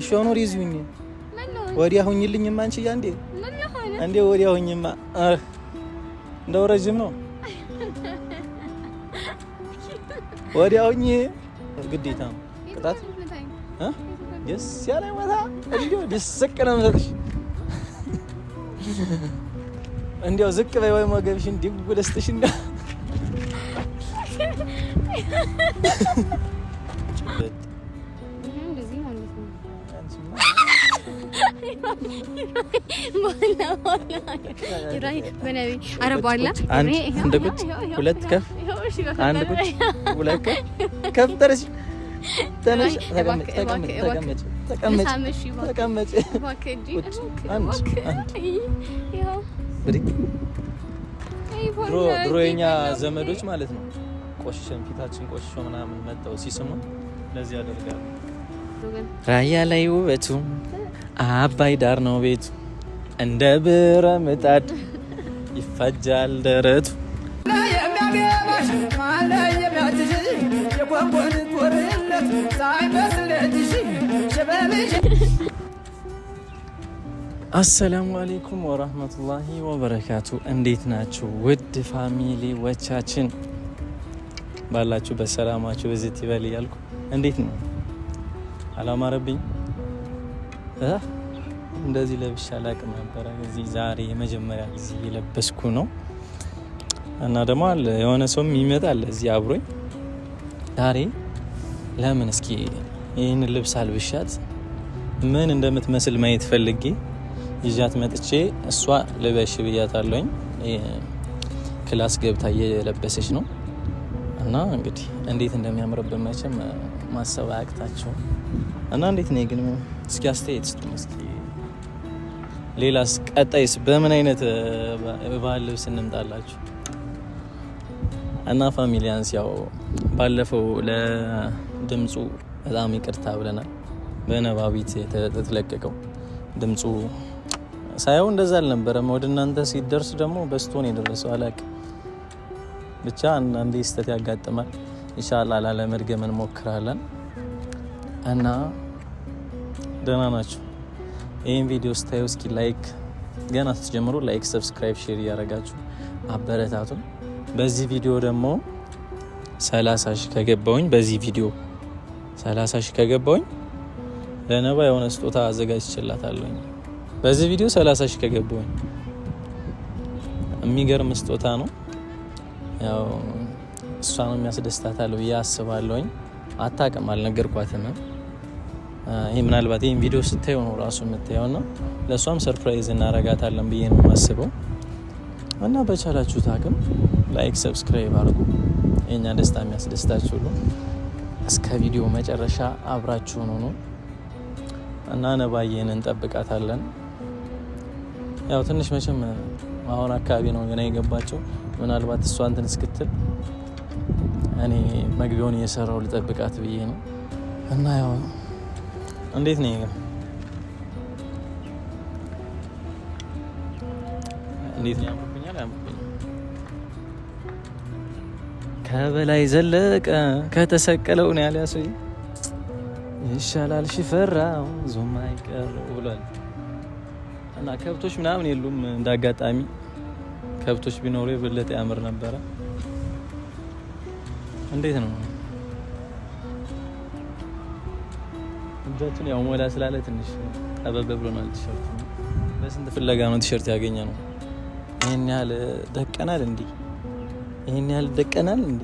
እሺ አሁን ወዲህ እዚሁ ሁኚ። ወዲያ ሁኚልኝማ አንቺዬ። አንዴ አንዴ ወዲያ ሁኚማ። እንደው ረጅም ነው። ወዲያ ሁኚ። ግዴታ ነው ቅጣት። ደስ ያለ ቦታ እንዲያው ድስቅ ነው የምሰጥሽ። እንዲያው ዝቅ በይ ወይ ወገብሽን ዲጉ ደስተሽ እንዳ ሁለት ከፍ አንድ ቁጭ ሁለት ከፍ ከፍ ተነሽ ተነሽ ተቀመጭ ተቀመጭ ተቀመጭ ድሮ የኛ ዘመዶች ማለት ነው ቆሸን ፊታችን ቆሾ ምናምን መጣው ሲስሙ ለዚህ ያደርጋሉ። ራያ ላይ ውበቱ አባይ ዳር ነው ቤቱ እንደ ብረ ምጣድ ይፈጃል ደረቱ አሰላሙ አሌይኩም ወራህመቱላሂ ወበረካቱ። እንዴት ናችሁ ውድ ፋሚሊዎቻችን? ባላችሁ በሰላማችሁ በዚህ ይበል እያልኩ እንዴት ነው አላማረብኝ። እንደዚህ ለብሻ አላቅም ነበረ። እዚህ ዛሬ የመጀመሪያ ጊዜ የለበስኩ ነው እና ደግሞ አለ የሆነ ሰውም ይመጣል እዚህ አብሮኝ። ዛሬ ለምን እስኪ ይህን ልብስ አልብሻት ምን እንደምትመስል ማየት ፈልጌ ይዣት መጥቼ እሷ ልበሽ ብያታለኝ። ክላስ ገብታ እየለበሰች ነው እና እንግዲህ እንዴት እንደሚያምርብን መቼም ማሰብ አያቅታቸውም። እና እንዴት ነው ግን እስኪ አስተያየት ስጡኝ። እስኪ ሌላስ ቀጣይስ በምን አይነት ባህል ልብስ እንምጣላችሁ? እና ፋሚሊያንስ ያው ባለፈው ለድምፁ በጣም ይቅርታ ብለናል። በነባቢት የተለቀቀው ድምፁ ሳየው እንደዛ አልነበረም። ወደ እናንተ ሲደርስ ደግሞ በስቶን የደረሰው አላቅ ብቻ አንዳንዴ ስህተት ያጋጥማል። ኢንሻላህ ላለመድገም እንሞክራለን። እና ደህና ናቸው። ይህን ቪዲዮ ስታዩ እስኪ ላይክ ገና ስትጀምሩ ላይክ፣ ሰብስክራይብ፣ ሼር እያደረጋችሁ አበረታቱን። በዚህ ቪዲዮ ደግሞ 30 ሺህ ከገባውኝ በዚህ ቪዲዮ 30 ሺህ ከገባውኝ ለነባ የሆነ ስጦታ አዘጋጅቼላታለሁ። በዚህ ቪዲዮ 30 ሺህ ከገባውኝ የሚገርም ስጦታ ነው። ያው እሷ ነው የሚያስደስታታለሁ ብዬ አስባለሁኝ። አታውቅም፣ አልነገርኳትም ይህ ምናልባት ይህን ቪዲዮ ስታየው ነው ራሱ የምታየው ና ለእሷም ሰርፕራይዝ እናረጋታለን ብዬ ነው የማስበው። እና በቻላችሁት አቅም ላይክ፣ ሰብስክራይብ አድርጉ። የእኛ ደስታ የሚያስደስታችሁ ሁሉ እስከ ቪዲዮ መጨረሻ አብራችሁን ሆኖ እና ነባዬን እንጠብቃታለን። ያው ትንሽ መቼም አሁን አካባቢ ነው ገና የገባቸው። ምናልባት እሷ እንትን እስክትል እኔ መግቢያውን እየሰራው ልጠብቃት ብዬ ነው እና ያው እንዴት ነው ይሄ? ከበላይ ዘለቀ ከተሰቀለው ነው ያለ ሰው ይሻላል ሽፈራው ዞማ ይቀር ብሏል። እና ከብቶች ምናምን የሉም። እንደ ከብቶች ቢኖሩ የበለጠ ያምር ነበረ። እንዴት ነው እጃችን ያው ሞላ ስላለ ትንሽ ጠበበ ብሎናል። ቲሸርት በስንት ፍለጋ ነው ቲሸርት ያገኘ ነው። ይህን ያህል ደቀናል እንዲ ይህን ያህል ደቀናል እንዲ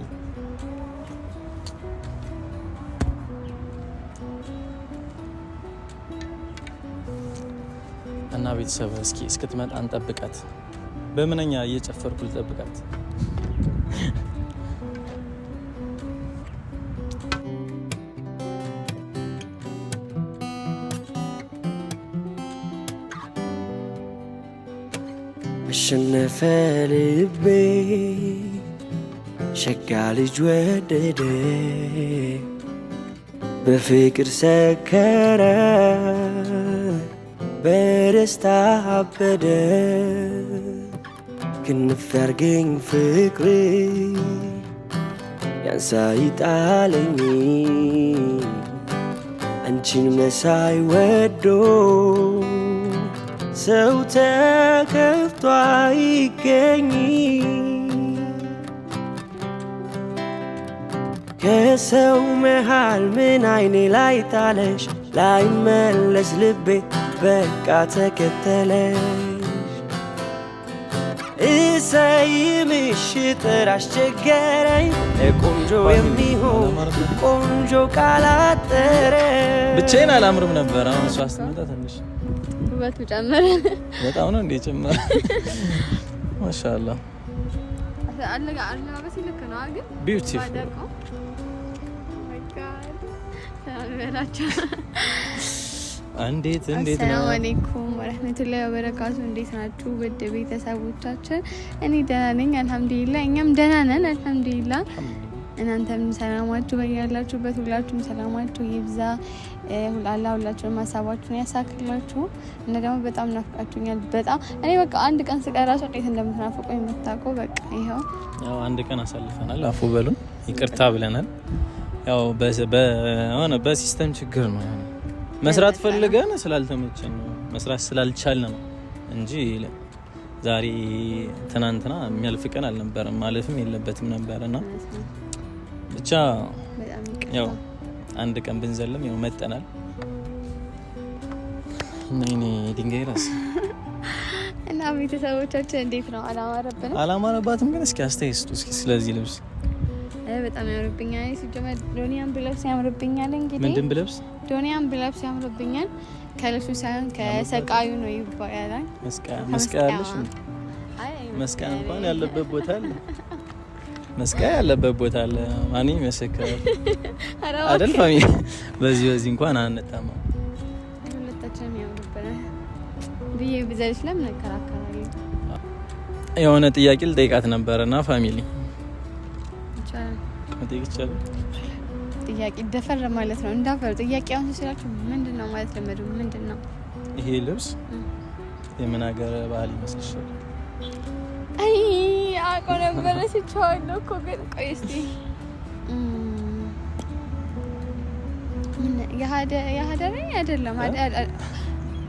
እና ቤተሰብ እስኪ እስክትመጣ እንጠብቃት። በምንኛ እየጨፈርኩ ልጠብቃት? አረፈ ልቤ ሸጋ ልጅ ወደደ በፍቅር ሰከረ በደስታ አበደ ክንፍ ያርገኝ ፍቅር ያንሳ ይጣለኝ አንቺን መሳይ ወዶ ሰው ተከፍቶ አይገኝ ከሰው መሃል ምን አይኔ ላይ ጣለሽ ላይመለስ ልቤ በቃ ተከተለሽ እሰይ ምሽት አስቸገረኝ ለቆንጆ የሚሆን ቆንጆ ቃላት ብቻዬን አላምርም ነበር። አሁን እሷ ስትመጣ ትንሽ ውበቱ ጨመረ። በጣም ነው እንዴ ጨመረ። ማሻአላ አለባበሴ ልክ ነው ግን ቢዩቲፉል oh እንዴት እንዴት ነው? ሰላም አለይኩም ወራህመቱላሂ ወበረካቱ። እንዴት ናችሁ ውድ ቤተሰቦቻችን? እኔ ደህና ነኝ አልሐምዱሊላህ። እኛም ደህና ነን አልሐምዱሊላህ። እናንተም ሰላማችሁ በያላችሁበት ሁላችሁም ሰላማችሁ ይብዛ። ሁላላ ሁላችሁም ሀሳባችሁን ያሳክላችሁ። እና ደግሞ በጣም ናፍቃችሁኛል። በጣም እኔ በቃ አንድ ቀን ስቀራሱ እንዴት እንደምትናፍቁ የምታውቁ በቃ ይኸው ያው አንድ ቀን አሳልፈናል። አፉ በሉን ይቅርታ ብለናል። ያው በሆነ በሲስተም ችግር ነው መስራት ፈልገን ስላልተመቸን ነው መስራት ስላልቻልን ነው እንጂ ዛሬ ትናንትና የሚያልፍ ቀን አልነበረም። ማለፍም የለበትም ነበርና ብቻ ያው አንድ ቀን ብንዘልም ያው መጠናል እና እኔ ድንጋይ ራስ እና ቤተሰቦቻችን እንዴት ነው? አላማረብንም አላማረባትም፣ ግን እስኪ አስተያየት ስጡ እስኪ ስለዚህ ልብስ በጣም ያምርብኛል። ሲጀመር ዶኒያን ብለብስ ያምርብኛል። እንግዲህ ምንድን ብለብስ ዶኒያን ብለብስ ያምርብኛል። ከልብሱ ሳይሆን ከሰቃዩ ነው ይባላል። መስቀያ መስቀያ ያለሽ መስቀያ እንኳን ያለበት ቦታ አለ መስቀያ ያለበት ቦታ አለ። ማን ይመሰክራል አይደል? ፋሚ በዚህ በዚህ እንኳን አንጠማ የሆነ ጥያቄ ልጠይቃት ነበረ እና ፋሚሊ ጥያቄ ደፈር ማለት ነው እንዳፈሩ ጥያቄ አሁን ስላችሁ ምንድን ነው ማለት ለመዱ ምንድን ነው ይሄ ልብስ የምን ሀገር ባህል ይመስልሻል? አቆ ረስቼዋለሁ እኮ ግን ቆይ እስኪ የሀደረኝ አይደለም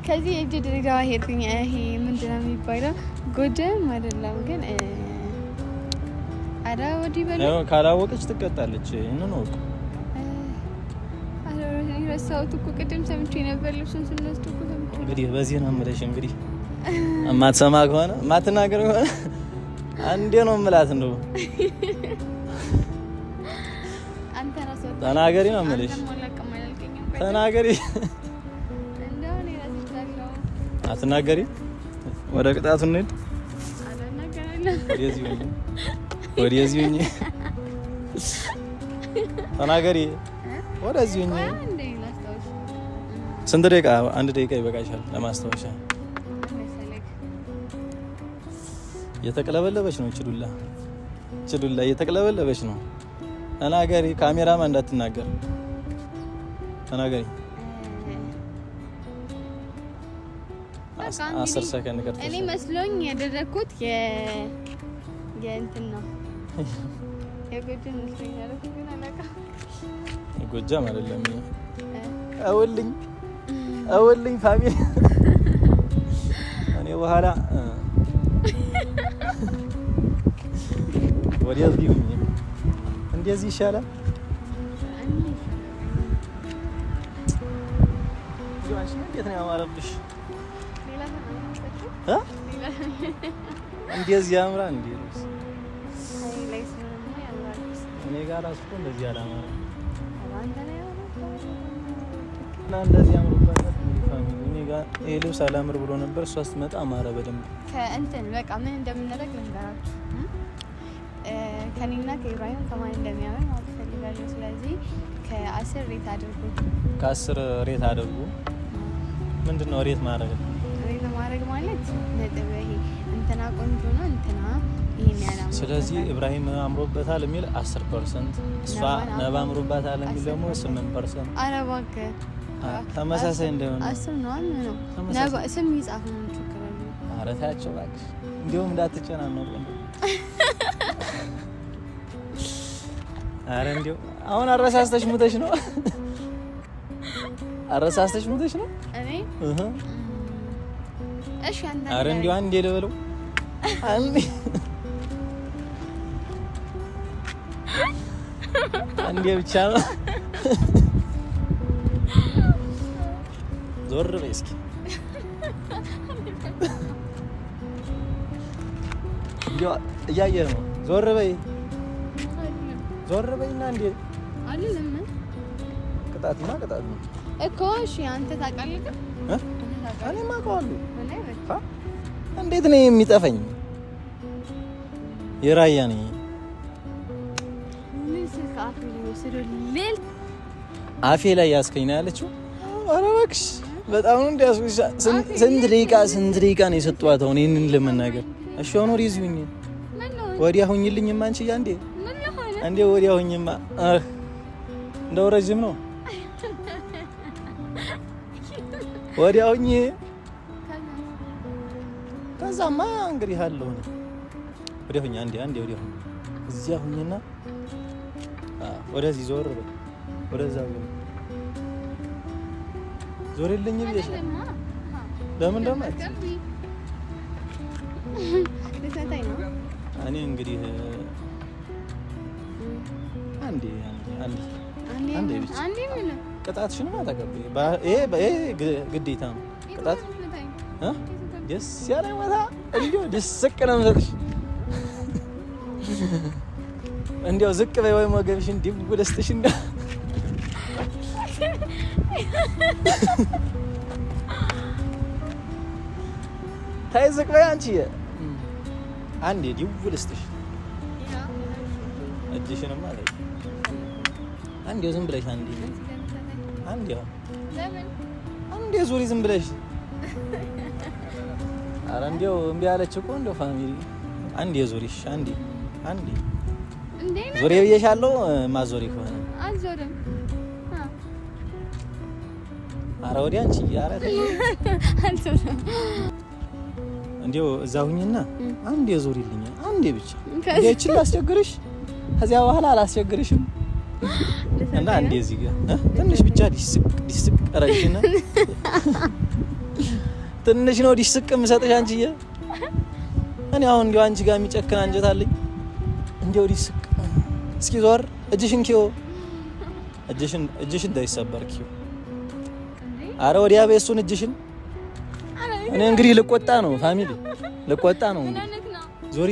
ከዚህ እጅ ድሬዳዋ ሄድኩኝ። ይሄ ምንድን ነው የሚባለው? ጎደም አይደለም ግን አዳ ወዲህ በለው ካላወቀች ትቀጣለች። እንወቅ ረሳሁት እኮ ቅድም ሰምቼ ነበር። ልብሱን ስንወስድ እኮ ሰምቼ እንግዲህ በዚህ ነው የምልሽ። እንግዲህ የማትሰማ ከሆነ የማትናገር ከሆነ አንዴ ነው የምላት እንደው ተናገሪ ነው የምልሽ። ተናገሪ አትናገሪ። ወደ ቅጣቱ እንሂድ። ወደዚህ ሁኚ ተናገሪ። ወደዚህ ሁኚ። ስንት ደቂቃ? አንድ ደቂቃ ይበቃሻል ለማስታወሻ እየተቅለበለበች ነው ችዱላ ችዱላ እየተቅለበለበች ነው። ተናገሪ ካሜራማ እንዳትናገር ተናገሪ። አስር ሰከንድ ቀርቶ እኔ መስሎኝ ያደረኩት የ የእንትን ነው የጎጃም መስሎኝ ያደረኩት ግን አላውቅም። አይደለም። አውልኝ አውልኝ ፋሚሊ እኔ በኋላ ወደዚህ ሁኚ። እንደዚህ ይሻላል። እንዴት ነው ያማረብሽ! እንደዚህ ያምራ እንዴ! እኔ ጋር እኮ እንደዚህ እኔ ጋር ይሄ ልብስ አላምር ብሎ ነበር። እሷ ስትመጣ አማረ በደንብ ከእንትን በቃ ምን እንደምናደርግ ልንገራችሁ ከኔና ከኢብራሂም ከማን እንደሚያምር ማወቅ ስለዚህ ከአስር ሬት አድርጉ። ከአስር ሬት አድርጉ። ምንድን ነው ሬት ማድረግ? ሬት ማድረግ ማለት ነጥብ ይሄ እንትና ቆንጆ ነው እንትና ስለዚህ ኢብራሂም አምሮበታል የሚል አስር ፐርሰንት፣ እሷ ነባ አምሮባታል የሚል ደግሞ ስምንት ፐርሰንት። ኧረ እባክህ ተመሳሳይ እንደሆነ አስር ነው ነው ነባ ይጻፍ ነው። ኧረ ተያቸው እባክህ፣ እንዲሁም እንዳትጨናነቁ። አረ እንዲያው አሁን አረሳስተሽ ሙተሽ ነው? አረሳስተሽ ሙተሽ ነው? እኔ እሺ አንዴ አረ እንዲያው አንዴ ልበለው አንዴ አንዴ ብቻ ነው። ዞር በይ እስኪ እንዲያው ነው። ዞር በይ ዞር በይና እንዴ አልልም። ቅጣትና ቅጣት ነው እኮ። እሺ አንተ ታውቃለህ ግን እኔማ አውቀዋለሁ። እንዴት ነው የሚጠፈኝ? የራያ ነኝ። አፌ ላይ ያስከኝ ነው ያለችው። ኧረ እባክሽ በጣም ነው እንዲያስኩሽ። ስንት ደቂቃ ስንት ደቂቃ ነው የሰጠኋት? አሁን ይህንን ለመናገር እሺ፣ ሆኖ ሪዝ ሁኝ ወዲያ ሁኝልኝማ አንቺ እያ እንዴ እንዴ ወዲያውኝማ እንደው ረጅም ነው። ወዲያውኝ ከዛማ እንግዲህ አለሁ ነው። ወዲያውኝ አንዴ አንዴ ወዲያውኝ እዚያ ሁኝና ወደዚህ ዞር በል፣ ወደዛ ዞር የለኝ ብዬሽ ለምን ደማ እኔ እንግዲህ አንዴ አንዴ ግዴታ ነው። ቅጣት ደስ ያለ እንዲሁ ድስቅ ነው የምሰጥሽ። እንዲያው ዝቅ በይ ወይም ወገብሽን ታይ ዝቅ በይ አንቺ አንዴ እጅሽንም ማለት አንዴው ዝም ብለሽ አንዴ አንዴው አንዴ ዙሪ ዝም ብለሽ ኧረ እንዲያው እምቢ አለች እኮ እንደው ፋሚሊ አንዴ ዙሪ እሺ አንዴ አንዴ ዙሪ ብዬሻለሁ ማዞሪ ከሆነ አልዞርም ኧረ ወዲያ አንቺ ኧረ አልዞርም እንዴው እዛ ሁኝና አንዴ ዙሪልኝ አንዴ ብቻ ይቺን ላስቸግርሽ ከዚያ በኋላ አላስቸግርሽም እና አንዴ እዚህ ጋር ትንሽ ብቻ ዲስቅ ዲስቅ ቀረችና ትንሽ ነው ዲስቅ የምሰጥሽ አንቺዬ። እኔ አሁን እንዲያው አንቺ ጋር የሚጨክን አንጀት አለኝ። እንዲያው ዲስቅ እስኪ ዞር እጅሽን ኪዮ እጅሽን እጅሽ እንዳይሰበር ኪዮ። አረ ወዲያ በሱን እሱን እጅሽን። እኔ እንግዲህ ልቆጣ ነው ፋሚሊ ልቆጣ ነው ዞሪ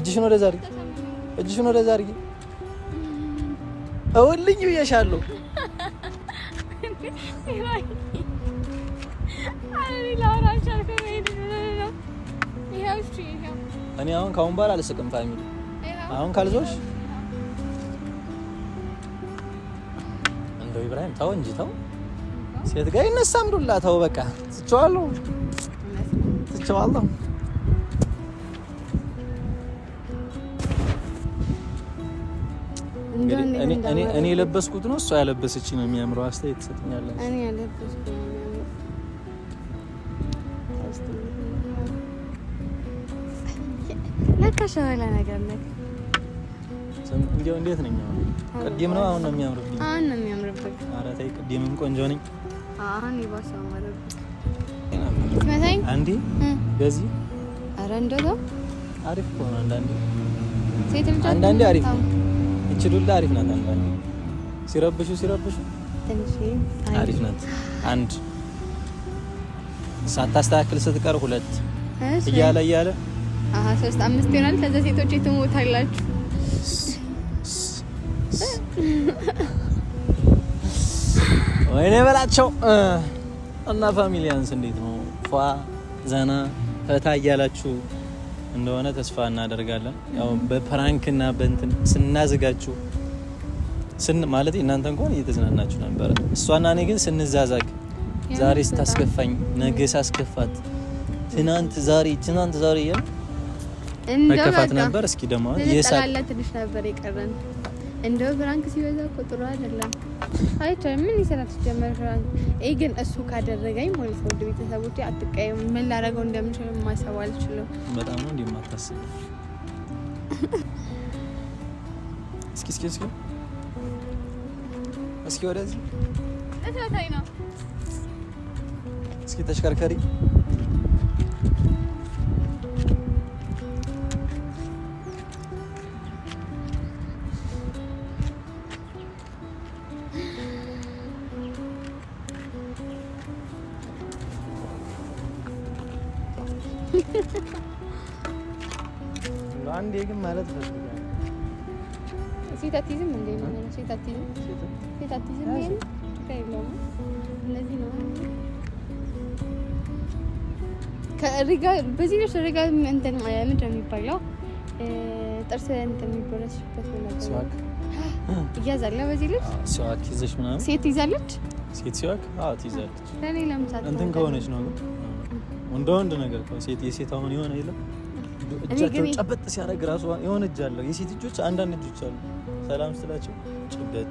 እጅሽን ወደ ዛርጊ እጅሽን ወደ ዛርጊ እውልኝ ብዬሻለሁ። እኔ አሁን ከአሁን በኋላ አልስቅም። ፋሚሊ አሁን ካልዞሽ እንደው ኢብራሂም ተው እንጂ ተው። ሴት ጋር ይነሳም ዱላ ተው። በቃ ትቸዋለሁ፣ ትቸዋለሁ። እንግዲህ እኔ የለበስኩት ነው እሷ ያለበሰች ነው የሚያምረው። አስተያየት ትሰጥኛለህ? እኔ ያለበስኩት ነው የሚያምረው። ለካ ሸበላ ነገር ነክ እንዴው እንዴት ነኝ? ቅድም ነው አሁን ነው የሚያምርብኝ። አሁን ነው የሚያምርብኝ። ኧረ ተይ፣ ቅድምም ቆንጆ ነኝ። አሁን ይባሳው ማለት ነው። አንዴ በዚህ ኧረ እንደው አሪፍ ነው አንዳንዴ ሴት ልጅ አንዳንዴ አሪፍ ነው። እቺ ዱላ አሪፍ ናት። አንዳንዴ ሲረብሹ ሲረብሹ አሪፍ ናት። አንድ ሳታስተካክል ስትቀር ሁለት እያለ እያለ አሀ ሶስት አምስት ይሆናል። ከዛ ሴቶች የትሞታላችሁ ወይኔ በላቸው እና ፋሚሊያንስ እንዴት ነው? ፏ ዘና ፈታ እያላችሁ እንደሆነ ተስፋ እናደርጋለን። ያው በፕራንክና በእንትን ስናዝጋችሁ ስን ማለት እናንተ እንኳን እየተዝናናችሁ ነበረ። እሷና እኔ ግን ስንዛዛግ ዛሬ ስታስከፋኝ፣ ነገ ሳስከፋት፣ ትናንት ዛሬ፣ ትናንት ዛሬ መከፋት ነበር። እስኪ ደግሞ ትንሽ ነበር የቀረን እንደው ፍራንክ ሲበዛ እኮ ጥሩ አይደለም። አይቶ ምን ይሰራት ጀመር ፍራንክ። ይሄ ግን እሱ ካደረገኝ ማለት ነው። ውድ ቤተሰቦቼ አትቀየሙ። ምን ላደርገው እንደምችል ማሰብ አልችልም። በጣም ነው እንደማታስብ። እስኪ እስኪ እስኪ እስኪ ወደዚህ እስኪ ተሽከርከሪ ከሪጋል በዚህ ልጅ ሪጋ እንትን ምንድን ነው የሚባለው? ጥርስ እንትን የሚበላሽበት ነው እያዛለ በዚህ ልጅ ሲዋክ ይዘሽ ምናምን ሴት ይዛለች። ሴት ሲዋክ አዎ ትይዛለች። ለኔ ለምሳሌ እንትን ከሆነች ነው ግን ወንድ ነገር ከሆነ ሴት የሴት አሁን የሆነ የለም እጃቸው ጨበጥ ሲያደርግ ራሱ የሆነ እጅ አለው። የሴት እጆች አንዳንድ እጆች አሉ ሰላም ስላቸው ጨበጥ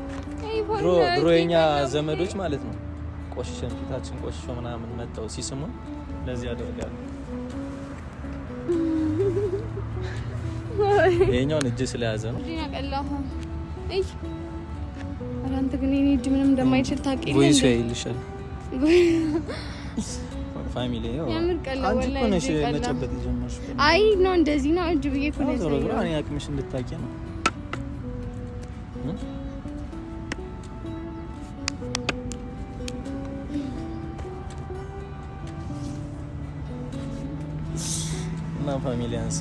ድሮ ድሮ የኛ ዘመዶች ማለት ነው ቆሽሸን ፊታችን ቆሽሾ ምናምን መጣው ሲስሙ ለዚህ ያደርጋሉ። ይሄኛውን እጅ ስለያዘ ነው። አንተ ግን የኔ እጅ ምንም እንደማይችል ታውቂያለሽ። ፋሚሊ ነው አይ ነው እንደዚህ ነው እጅ ብዬ ነው ፋሚሊያንስ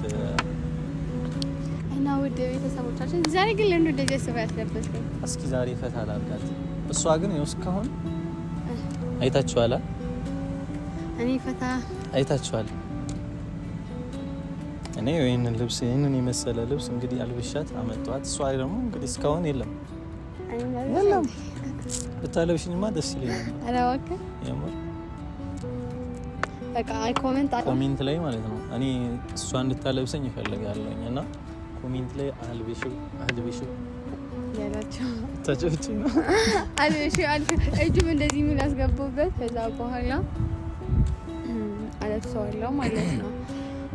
እና ውድ ቤተሰቦቻችን ዛሬ ግን ለእንዱ እንደዚህ ስባ ያስለበስከኝ? እስኪ ዛሬ ፈታ ላርጋት። እሷ ግን ይኸው እስካሁን አይታችኋል። እኔ ፈታ አይታችኋል። እኔ ይህንን ልብስ ይህንን የመሰለ ልብስ እንግዲህ አልብሻት አመጣኋት። እሷ ደግሞ እንግዲህ እስካሁን የለም የለም። ብታለብሽኝማ ደስ ይለኛል። ኮሜንት ላይ ማለት ነው እኔ እሷ እንድታለብሰኝ እፈልጋለሁኝ እና ኮሜንት ላይ አልብሽው አልብሽው ያላቸው ታጨብጭ አልብሽው እጁም እንደዚህ ምን ያስገቡበት ከዛ በኋላ አለብሰዋለሁ ማለት ነው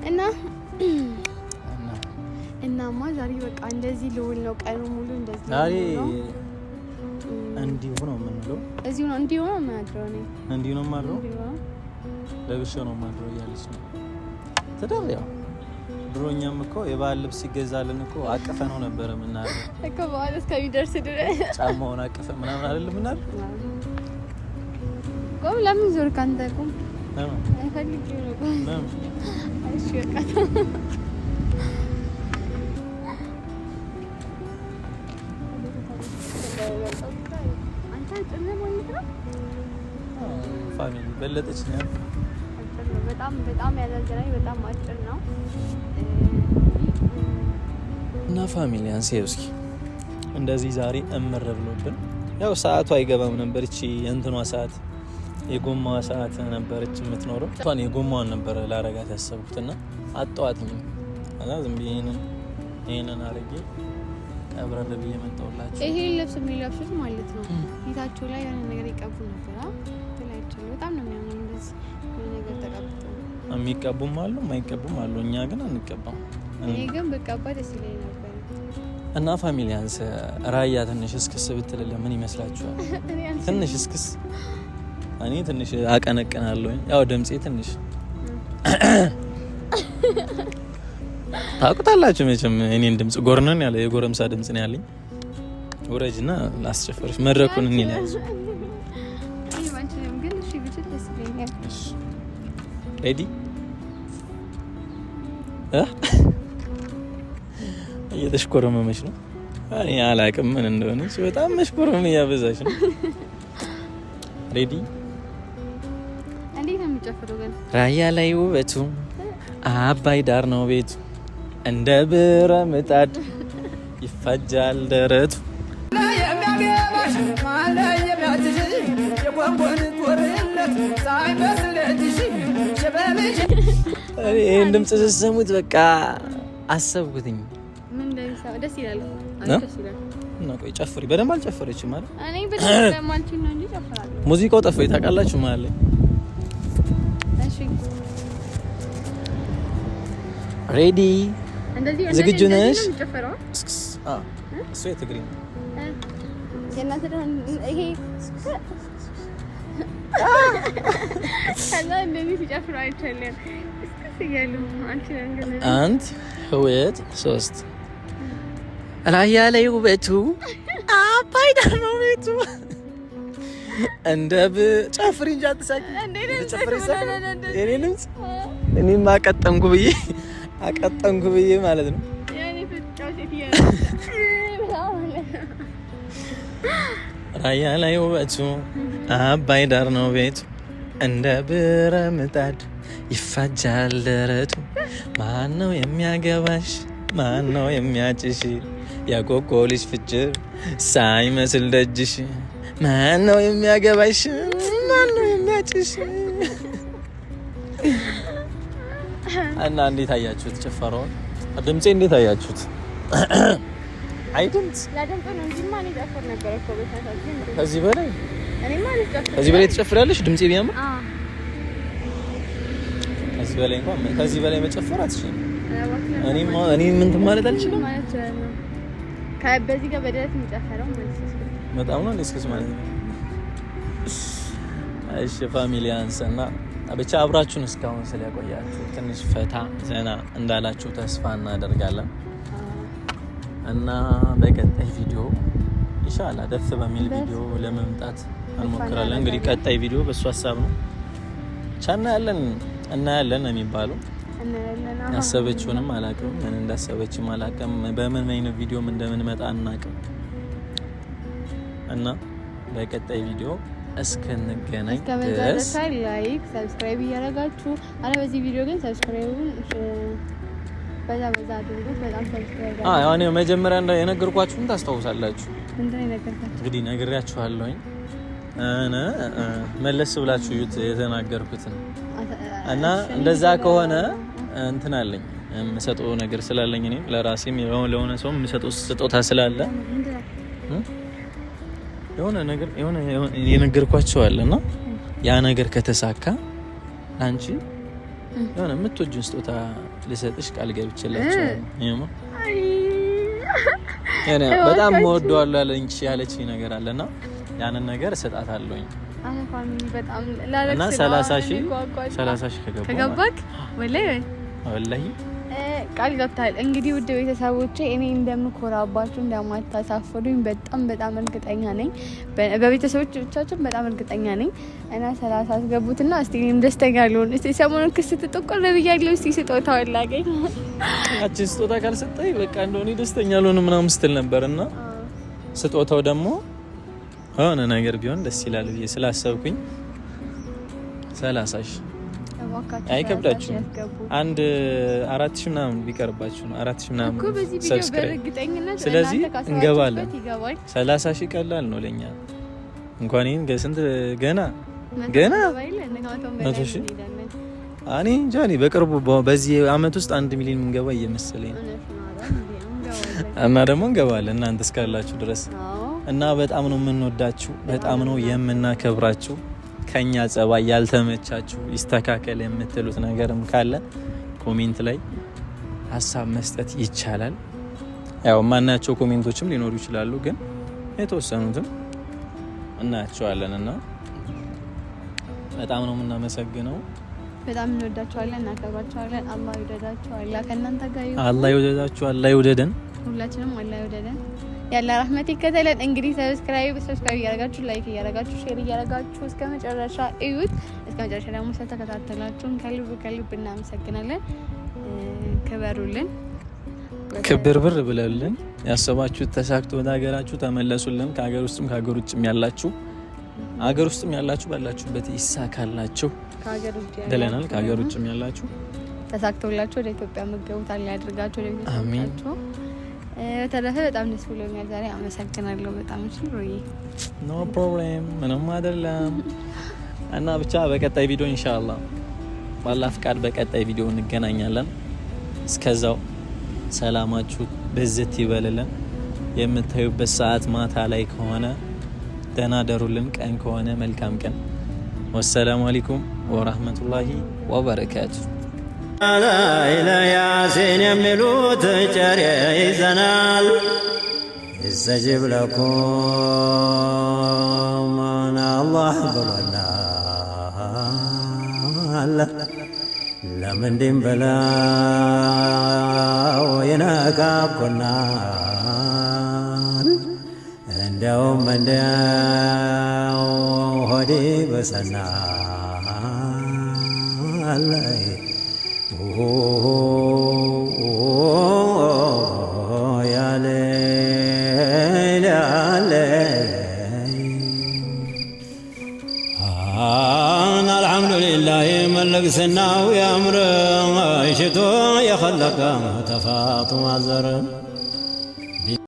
እና እናማ ዛሬ በቃ እንደዚህ ልውል ነው። ቀኑ ሙሉ እንደዚህ ዛሬ እንዲሁ ነው የምንለው። እዚሁ ነው እንዲሁ ነው የማድረው። እኔ እንዲሁ ነው የማድረው ለብሻ ነው የማድረው እያለች ነው ትዳር ያው ድሮኛም እኮ የባህል ልብስ ይገዛልን እኮ አቅፈ ነው ነበረ ምናምን እኮ በኋላ እስከሚደርስ ድረስ ጫማውን አቅፈ ምናምን አይደል ምናል ቆም ለምን ዞር ካንተ ቆም ፋሚሊ በለጠች ነው በጣም በጣም ያዛዝናኝ። በጣም አጭር ነው እና ፋሚሊ አንሴብስኪ እንደዚህ ዛሬ እምር ብሎብን፣ ያው ሰዓቱ አይገባም ነበር። እቺ የእንትኗ ሰዓት የጎማ ሰዓት ነበረች የምትኖረው። እንኳን የጎማዋን ነበር ላረጋት ያሰብኩት እና አጠዋትኝ እና ዝም ብዬ ይህንን አረጌ አብረር ብዬ መጣሁላችሁ። ይሄ ልብስ የሚለብሱት ማለት ነው ፊታቸው ላይ የሆነ ነገር ይቀቡ ነበር። በጣም ነው የሚያ የሚቀቡም አሉ የማይቀቡም አሉ። እኛ ግን አንቀባም። እኔ ግን ብቀባ ደስ ይለኝ ነበር። እና ፋሚሊያንስ ራያ ትንሽ እስክስ ብትልል ምን ይመስላችኋል? ትንሽ እስክስ እኔ ትንሽ አቀነቅናለሁ። ያው ድምፄ ትንሽ ታውቁታላችሁ መቼም እኔን ድምፅ ጎርነን ያለ የጎረምሳ ድምፅ ነው ያለኝ። ውረጅ እና ላስጨፈርሽ መድረኩን እኔ ላይ ሬዲ እየተሽኮረመመች ነው። እኔ አላቅም ምን እንደሆነች። በጣም መሽኮረመም እያበዛች ነው። ሬዲ ራያ ላይ ውበቱ አባይ ዳር ነው ቤቱ እንደ ብረ ምጣድ ይፋጃል ደረቱ የሚያገባሽ ይህን ድምፅ ስሰሙት በቃ አሰብኩትኝ። ደስ ይላል። ቆይ ጨፍሪ። በደንብ አልጨፈረችም ማለት ሙዚቃው ጠፋ። ታውቃላችሁ ማለት ሬዲ ዝግጁ ነሽ? እሱ የትግሪ ነው። አንድ ሁለት ሶስት ራያ ላይ ውበቱ አባይ ዳሞ ቤቱ እንደ ብጨፍሪ እንጂ አትሳቂ። እኔም አቀጠንኩ ብዬ አቀጠንኩ ብዬ ማለት ነው። ራያ ላይ ውበቱ አባይ ዳር ነው ቤቱ እንደ ብረ ምጣድ ይፋጃል ደረቱ። ማን ነው የሚያገባሽ? ማን ነው የሚያጭሽ? ያቆቆ ልጅ ፍጭር ሳይመስል ደጅሽ። ማን ነው የሚያገባሽ? ማን ነው የሚያጭሽ? እና እንዴት አያችሁት? ጭፈራውን ድምፄ እንዴት አያችሁት? አይ ድምፅ ከዚህ በላይ ከዚህ በላይ ትጨፍራለሽ? ድምጼ ቢያምር ከዚህ በላይ እንኳን ከዚህ በላይ መጨፈር አትችልም። እኔ እኔ ምን ማለት አልችልም። በዚህ ጋር በደረት የሚጨፈረው በጣም ነው ዲስከስ ማለት ነው። እሺ ፋሚሊ አንሰና ብቻ አብራችሁን እስካሁን ስለያቆያችሁ ትንሽ ፈታ ዘና እንዳላችሁ ተስፋ እናደርጋለን እና በቀጣይ ቪዲዮ ኢንሻአላህ ደስ በሚል ቪዲዮ ለመምጣት እንሞክራለን። እንግዲህ ቀጣይ ቪዲዮ በእሱ ሀሳብ ነው ብቻ እናያለን እናያለን ነው የሚባለው። ያሰበችውንም አላቅም፣ ምን እንዳሰበችም አላቅም። በምን አይነት ቪዲዮም እንደምንመጣ አናቅም እና በቀጣይ ቪዲዮ እስከንገናኝ ድረስ ላይክ፣ ሰብስክራይብ እያደረጋችሁ አለ። በዚህ ቪዲዮ ግን ሰብስክራይቡን በዛ በዛ አድርጉት። በጣም ሰብስክራይብ አዎ፣ ያው እኔ መጀመሪያ የነገርኳችሁን ታስታውሳላችሁ። እንዴ ነገርኳችሁ እንግዲህ ነግሬያችኋለሁኝ። መለስ ብላችሁ እዩት የተናገርኩትን እና እንደዛ ከሆነ እንትን አለኝ የምሰጠው ነገር ስላለኝ እኔ ለራሴም ለሆነ ሰው የምሰጠው ስጦታ ስላለ የሆነ ነገር የሆነ የነገርኳቸዋል እና ያ ነገር ከተሳካ አንቺ የሆነ የምትወጂውን ስጦታ ልሰጥሽ ቃል ገብቼላቸዋለሁ። በጣም እወደዋለሁ ያለች ነገር አለና ያንን ነገር እሰጣታለሁኝ እና ሰላሳ ሺህ ሰላሳ ሺህ ከገባክ ወላሂ ቃል ገብታል። እንግዲህ ውድ ቤተሰቦቼ እኔ እንደምኮራባችሁ እንደማታሳፍሩኝ በጣም በጣም እርግጠኛ ነኝ። በቤተሰቦች ብቻችን በጣም እርግጠኛ ነኝ እና ሰላሳ አስገቡትና እስቲ እኔም ደስተኛ ልሆን። እስቲ ሰሞኑን ክስ ትጥቆር ብያለሁ። እስቲ ስጦታውን ላገኝ። ስጦታ ካልሰጠኝ በቃ እንደሆነ ደስተኛ ልሆን ምናምን ስትል ነበር እና ስጦታው ደግሞ ሆነ ነገር ቢሆን ደስ ይላል ብዬ ስላሰብኩኝ ሰላሳ ሺህ አይከብዳችሁም። አንድ አራት ሺ ምናምን ቢቀርባችሁ ነው አራት ምናምን ሰብስክራይብ። ስለዚህ እንገባለን። ሰላሳ ሺ ቀላል ነው ለእኛ እንኳን ይህን ስንት ገና ገና መቶ ሺህ እኔ እንጃ በቅርቡ በዚህ አመት ውስጥ አንድ ሚሊዮን የምንገባ እየመሰለኝ ነው። እና ደግሞ እንገባለን እናንተ እስካላችሁ ድረስ እና በጣም ነው የምንወዳችሁ፣ በጣም ነው የምናከብራችሁ። ከኛ ጸባይ ያልተመቻችሁ ይስተካከል የምትሉት ነገርም ካለ ኮሜንት ላይ ሀሳብ መስጠት ይቻላል። ያው ማናቸው ኮሜንቶችም ሊኖሩ ይችላሉ፣ ግን የተወሰኑትም እናያቸዋለን እና በጣም ነው የምናመሰግነው። በጣም እንወዳቸዋለን፣ እናከብራችኋለን። አላህ ይውደዳችሁ፣ አላህ ከእናንተ ጋር ይሁን። አላህ ይውደዳችሁ፣ አላህ ይውደደን፣ ሁላችንም አላህ ይውደደን። ያለ ረህመት ይከተለን። እንግዲህ ሰብስክራይብ ሰብስክራይብ እያደረጋችሁ ላይክ እያደረጋችሁ ሼር እያደረጋችሁ እስከ መጨረሻ እዩት። እስከ መጨረሻ ደግሞ ስለተከታተላችሁን ከልብ ከልብ እናመሰግናለን። ክበሩልን። ክብር ብር ብለልን ያሰባችሁት ተሳክቶ ወደ ሀገራችሁ ተመለሱልን። ከሀገር ውስጥም ከሀገር ውጭም ያላችሁ ሀገር ውስጥም ያላችሁ ባላችሁበት ይሳካላችሁ ብለናል። ከሀገር ውጭም ያላችሁ ተሳክቶላችሁ ወደ ኢትዮጵያ መገቡት አለ ያድርጋችሁ። በተረፈ በጣም ደስ ብሎኛል ዛሬ። አመሰግናለሁ በጣም ሽሮዬ። ኖ ፕሮብሌም ምንም አይደለም። እና ብቻ በቀጣይ ቪዲዮ እንሻላ ባላ ፍቃድ በቀጣይ ቪዲዮ እንገናኛለን። እስከዛው ሰላማችሁ ብዝት ይበልልን። የምታዩበት ሰዓት ማታ ላይ ከሆነ ደህና ደሩልን፣ ቀን ከሆነ መልካም ቀን። ወሰላሙ አለይኩም ወራህመቱላሂ ወበረካቱሁ። ለያሲን የሚሉት ጨሬ ይዘናል። ይስተጅብ ለኩም አላህ ብሎናል። ለምንድን ብለው ይነካኩናል። እንደውም እንደው ሆዴ በሰናል يا ليل سنا ويا أمر عيشته يا خلقا تفاطم زر